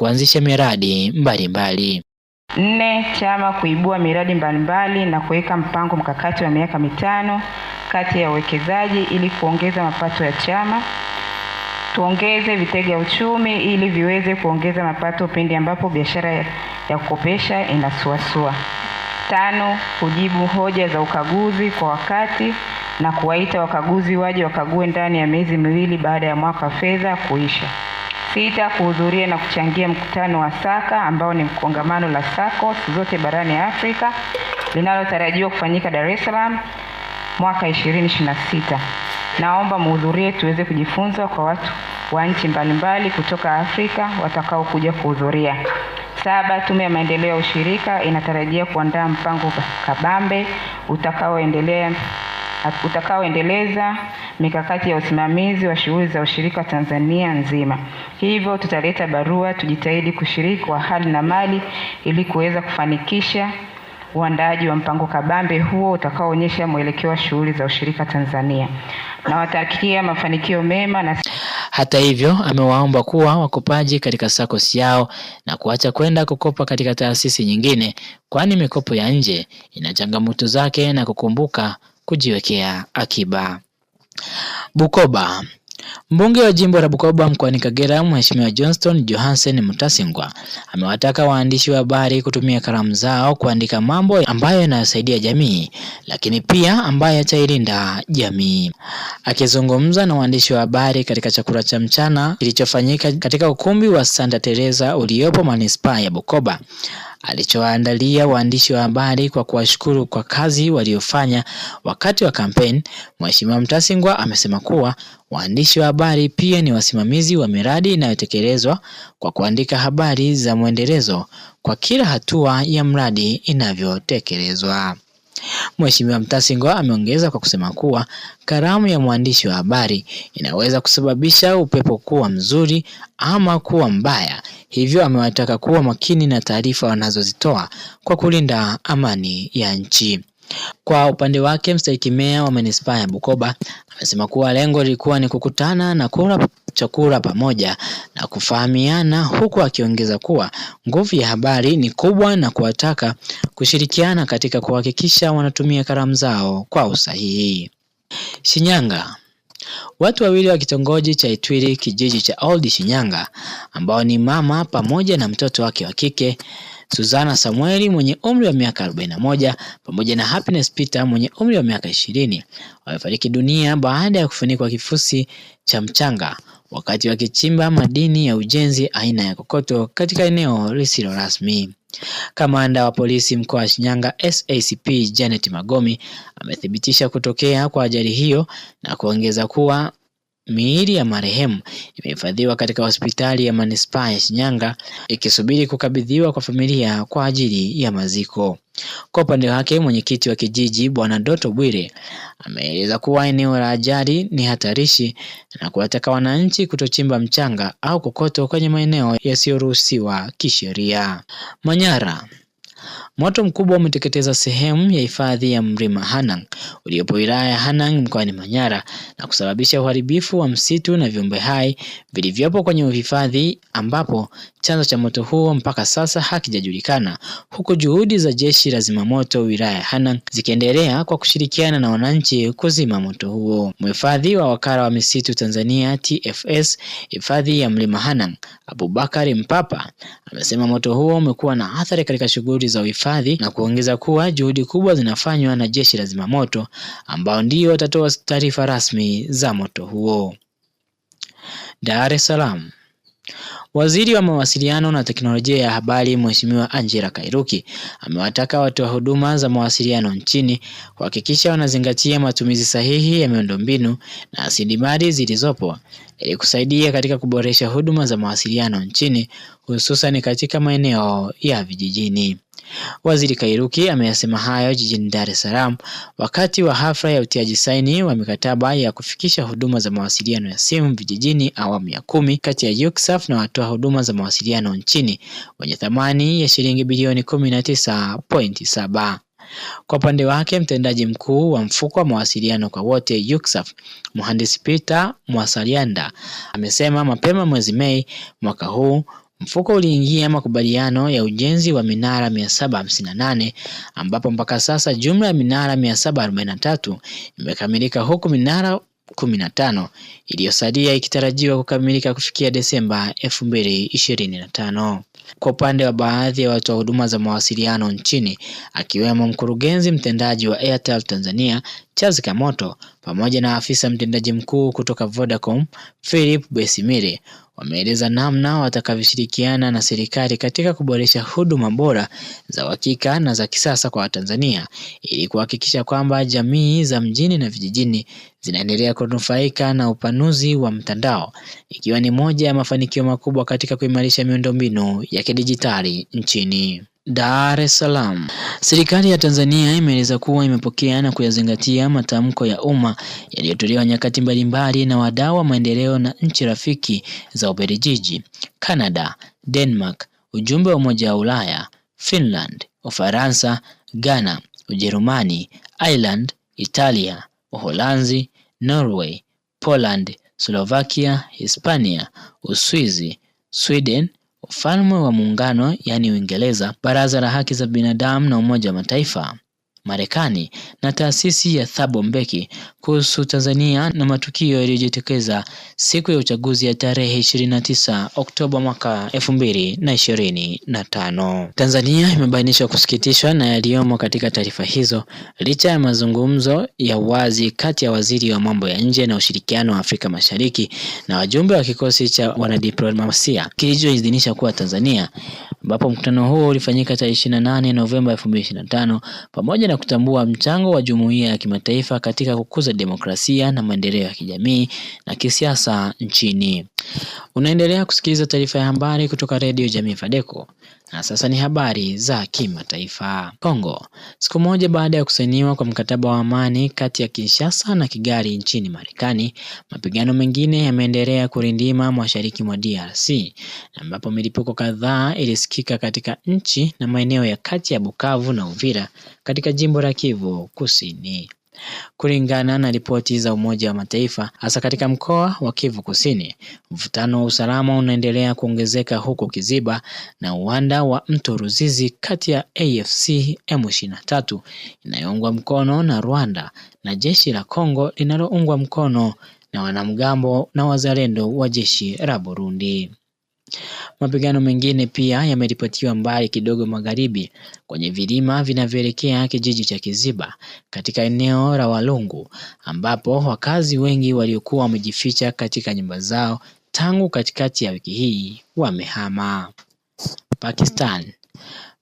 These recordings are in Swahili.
kuanzisha miradi mbalimbali. Nne, chama kuibua miradi mbalimbali na kuweka mpango mkakati wa miaka mitano kati ya uwekezaji ili kuongeza mapato ya chama. Tuongeze vitega uchumi ili viweze kuongeza mapato pindi ambapo biashara ya kukopesha inasuasua. Tano, kujibu hoja za ukaguzi kwa wakati na kuwaita wakaguzi waje wakague ndani ya miezi miwili baada ya mwaka wa fedha kuisha. Sita, kuhudhuria na kuchangia mkutano wa SACA ambao ni mkongamano la SACCOS zote barani Afrika linalotarajiwa kufanyika Dar es Salaam mwaka 2026. Naomba muhudhurie tuweze kujifunza kwa watu wa nchi mbalimbali kutoka Afrika watakaokuja kuhudhuria. Saba, Tume ya Maendeleo ya Ushirika inatarajia kuandaa mpango kabambe utakaoendelea utakaoendeleza mikakati ya usimamizi wa shughuli za ushirika Tanzania nzima. Hivyo tutaleta barua, tujitahidi kushiriki kwa hali na mali ili kuweza kufanikisha uandaaji wa mpango kabambe huo utakaoonyesha mwelekeo wa shughuli za ushirika Tanzania. Nawatakia mafanikio mema na... Hata hivyo, amewaomba kuwa wakopaji katika SACCOS yao na kuacha kwenda kukopa katika taasisi nyingine, kwani mikopo ya nje ina changamoto zake na kukumbuka kujiwekea akiba. Bukoba Mbunge wa jimbo la Bukoba mkoani Kagera Mheshimiwa Johnston Johansen Mutasingwa amewataka waandishi wa habari kutumia kalamu zao kuandika mambo ambayo yanayosaidia jamii lakini pia ambayo yatailinda jamii. Akizungumza na waandishi wa habari katika chakula cha mchana kilichofanyika katika ukumbi wa Santa Teresa uliopo manispaa ya Bukoba alichoandalia waandishi wa habari kwa kuwashukuru kwa kazi waliofanya wakati wa kampeni, Mheshimiwa Mutasingwa amesema kuwa Waandishi wa habari pia ni wasimamizi wa miradi inayotekelezwa kwa kuandika habari za mwendelezo kwa kila hatua ya mradi inavyotekelezwa. Mheshimiwa mtasingo ameongeza kwa kusema kuwa kalamu ya mwandishi wa habari inaweza kusababisha upepo kuwa mzuri ama kuwa mbaya, hivyo amewataka kuwa makini na taarifa wanazozitoa kwa kulinda amani ya nchi. Kwa upande wake mstahiki meya wa manispaa ya Bukoba amesema kuwa lengo lilikuwa ni kukutana na kula chakula pamoja na kufahamiana, huku akiongeza kuwa nguvu ya habari ni kubwa na kuwataka kushirikiana katika kuhakikisha wanatumia karamu zao kwa usahihi. Shinyanga Watu wawili wa kitongoji cha Itwiri kijiji cha Old Shinyanga ambao ni mama pamoja na mtoto wake wa kike Suzana Samueli mwenye umri wa miaka 41 pamoja na Happiness Peter mwenye umri wa miaka ishirini wamefariki dunia baada ya kufunikwa kifusi cha mchanga wakati wakichimba madini ya ujenzi aina ya kokoto katika eneo lisilo rasmi. Kamanda wa polisi mkoa wa Shinyanga SACP Janet Magomi amethibitisha kutokea kwa ajali hiyo na kuongeza kuwa Miili ya marehemu imehifadhiwa katika hospitali ya manispaa ya Shinyanga ikisubiri kukabidhiwa kwa familia kwa ajili ya maziko. Kwa upande wake, mwenyekiti wa kijiji Bwana Doto Bwire ameeleza kuwa eneo la ajali ni hatarishi na kuwataka wananchi kutochimba mchanga au kokoto kwenye maeneo yasiyoruhusiwa kisheria. Manyara Moto mkubwa umeteketeza sehemu ya hifadhi ya mlima Hanang uliopo wilaya ya Hanang mkoani Manyara na kusababisha uharibifu wa msitu na viumbe hai vilivyopo kwenye uhifadhi ambapo chanzo cha moto huo mpaka sasa hakijajulikana, huku juhudi za jeshi la zimamoto wilaya ya Hanang zikiendelea kwa kushirikiana na wananchi kuzima moto huo. Mhifadhi wa wakala wa misitu Tanzania TFS hifadhi ya mlima Hanang Abubakari Mpapa amesema moto huo umekuwa na athari katika shughuli za uhifadhi hifadhi na kuongeza kuwa juhudi kubwa zinafanywa na jeshi la zimamoto ambao ndio watatoa taarifa rasmi za moto huo. Dar es Salaam. Waziri wa Mawasiliano na Teknolojia ya Habari, Mheshimiwa Angela Kairuki amewataka watoa wa huduma za mawasiliano nchini kuhakikisha wanazingatia matumizi sahihi ya miundombinu na rasilimali zilizopo ili kusaidia katika kuboresha huduma za mawasiliano nchini hususan katika maeneo ya vijijini. Waziri Kairuki ameyasema hayo jijini Dar es Salaam wakati wa hafla ya utiaji saini wa mikataba ya kufikisha huduma za mawasiliano ya simu vijijini awamu ya kumi kati ya UCSAF na watoa huduma za mawasiliano nchini wenye thamani ya shilingi bilioni 19.7. Kwa upande wake mtendaji mkuu wa mfuko wa mawasiliano kwa wote UCSAF mhandisi Peter Mwasalianda amesema mapema mwezi Mei mwaka huu Mfuko uliingia makubaliano ya ujenzi wa minara 758 ambapo mpaka sasa jumla ya minara 743 imekamilika huku minara 15 iliyosalia ikitarajiwa kukamilika kufikia Desemba 2025. Kwa upande wa baadhi ya wa watoa huduma za mawasiliano nchini akiwemo mkurugenzi mtendaji wa Airtel Tanzania Charles Kamoto pamoja na afisa mtendaji mkuu kutoka Vodacom Philip Besimire wameeleza namna watakavyoshirikiana na serikali katika kuboresha huduma bora za uhakika na za kisasa kwa Watanzania ili kuhakikisha kwamba jamii za mjini na vijijini zinaendelea kunufaika na upanuzi wa mtandao ikiwa ni moja ya mafanikio makubwa katika kuimarisha miundombinu ya kidijitali nchini. Dar es Salaam. Serikali ya Tanzania imeeleza kuwa imepokea na kuyazingatia matamko ya umma yaliyotolewa nyakati mbalimbali na wadau wa maendeleo na nchi rafiki za Ubelgiji, Canada, Denmark, ujumbe wa Umoja wa Ulaya, Finland, Ufaransa, Ghana, Ujerumani, Ireland, Italia, Uholanzi, Norway, Poland, Slovakia, Hispania, Uswizi, Sweden, Ufalme wa muungano yaani Uingereza, baraza la haki za binadamu na umoja wa mataifa. Marekani na taasisi ya Thabo Mbeki kuhusu Tanzania na matukio yaliyojitokeza siku ya uchaguzi ya tarehe 29 Oktoba mwaka 2025. Tanzania imebainisha kusikitishwa na yaliyomo katika taarifa hizo licha ya mazungumzo ya wazi kati ya waziri wa mambo ya nje na ushirikiano wa Afrika Mashariki na wajumbe wa kikosi cha wanadiplomasia kilichoidhinisha kuwa Tanzania, ambapo mkutano huo ulifanyika tarehe 28 Novemba 2025 pamoja na kutambua mchango wa jumuiya ya kimataifa katika kukuza demokrasia na maendeleo ya kijamii na kisiasa nchini. Unaendelea kusikiliza taarifa ya habari kutoka redio Jamii Fadeco. Na sasa ni habari za kimataifa. Kongo, siku moja baada ya kusainiwa kwa mkataba wa amani kati ya Kinshasa na Kigali nchini Marekani, mapigano mengine yameendelea kurindima mashariki mwa DRC, ambapo milipuko kadhaa ilisikika katika nchi na maeneo ya kati ya Bukavu na Uvira katika jimbo la Kivu Kusini. Kulingana na ripoti za Umoja wa Mataifa, hasa katika mkoa wa Kivu Kusini, mvutano wa usalama unaendelea kuongezeka huko Kiziba na uwanda wa mto Ruzizi kati ya AFC M23 inayoungwa mkono na Rwanda na jeshi la Kongo linaloungwa mkono na wanamgambo na wazalendo wa jeshi la Burundi. Mapigano mengine pia yameripotiwa mbali kidogo magharibi kwenye vilima vinavyoelekea kijiji cha Kiziba katika eneo la Walungu ambapo wakazi wengi waliokuwa wamejificha katika nyumba zao tangu katikati ya wiki hii wamehama. Pakistan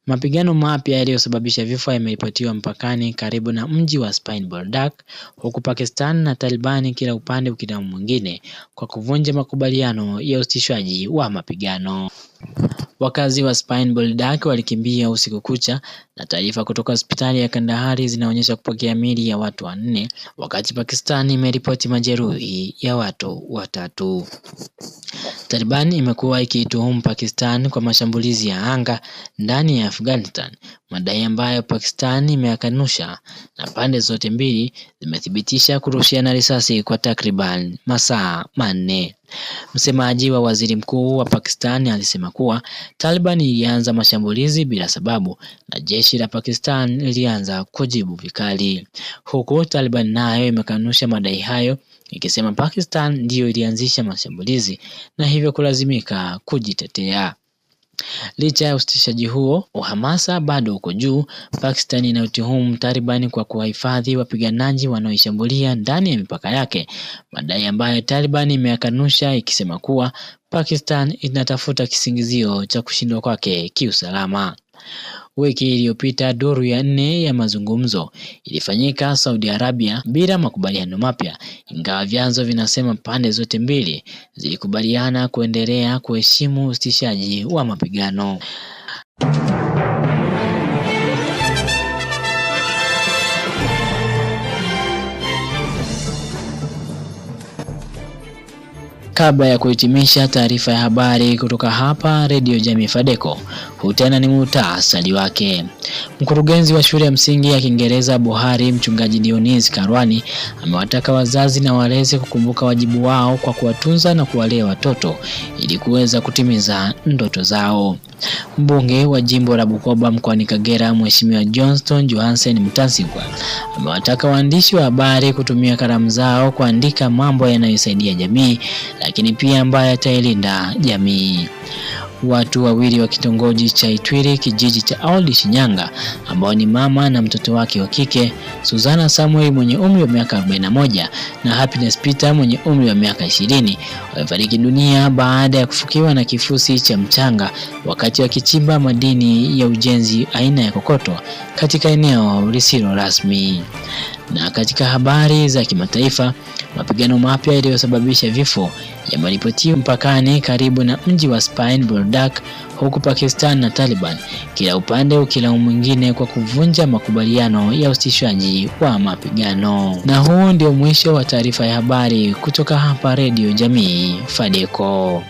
Mapigano mapya yaliyosababisha vifo yameripotiwa mpakani karibu na mji wa Spiny Boldak huku Pakistan na Taliban kila upande ukilaumu mwingine kwa kuvunja makubaliano ya usitishwaji wa mapigano. Wakazi wa Spiny Boldak walikimbia usiku kucha na taarifa kutoka hospitali ya Kandahari zinaonyesha kupokea miili ya watu wanne wakati Pakistan imeripoti majeruhi ya watu watatu. Taliban imekuwa ikiituhumu Pakistan kwa mashambulizi ya anga ndani ya Afghanistan, madai ambayo Pakistan imeyakanusha na pande zote mbili zimethibitisha kurushiana risasi kwa takriban masaa manne. Msemaji wa waziri mkuu wa Pakistan alisema kuwa Taliban ilianza mashambulizi bila sababu na jeshi la Pakistan lilianza kujibu vikali, huku Taliban nayo imekanusha madai hayo ikisema Pakistan ndiyo ilianzisha mashambulizi na hivyo kulazimika kujitetea. Licha ya usitishaji huo, uhamasa bado uko juu. Pakistan inayotuhumu Taliban kwa kuwahifadhi wapiganaji wanaoishambulia ndani ya mipaka yake, madai ambayo Taliban imeyakanusha ikisema kuwa Pakistan inatafuta kisingizio cha kushindwa kwake kiusalama. Wiki iliyopita duru ya nne ya mazungumzo ilifanyika Saudi Arabia bila makubaliano mapya, ingawa vyanzo vinasema pande zote mbili zilikubaliana kuendelea kuheshimu usitishaji wa mapigano. Kabla ya kuhitimisha taarifa ya habari kutoka hapa Radio Jamii Fadeco, huu tena ni muhtasari wake. Mkurugenzi wa shule ya msingi ya Kiingereza Bohari, mchungaji Dionis Karwani amewataka wazazi na walezi kukumbuka wajibu wao kwa kuwatunza na kuwalea watoto ili kuweza kutimiza ndoto zao. Mbunge wa jimbo la Bukoba mkoani Kagera, Mheshimiwa Johnston Johansen Mtasingwa amewataka waandishi wa habari kutumia kalamu zao kuandika mambo yanayosaidia jamii, lakini pia ambayo yatailinda jamii watu wawili wa kitongoji cha Itwiri kijiji cha Aoldi Shinyanga, ambao ni mama na mtoto wake wa kike Suzana Samuel mwenye umri wa miaka 41 na Happiness Peter mwenye umri wa miaka 20 wamefariki dunia baada ya kufukiwa na kifusi cha mchanga wakati wakichimba madini ya ujenzi aina ya kokoto katika eneo lisilo rasmi. Na katika habari za kimataifa, mapigano mapya yaliyosababisha vifo yameripotiwa mpakani karibu na mji wa Spain Boldak, huku Pakistan na Taliban kila upande ukilaumu mwingine kwa kuvunja makubaliano ya usitishaji wa mapigano. Na huu ndio mwisho wa taarifa ya habari kutoka hapa Redio Jamii Fadeco.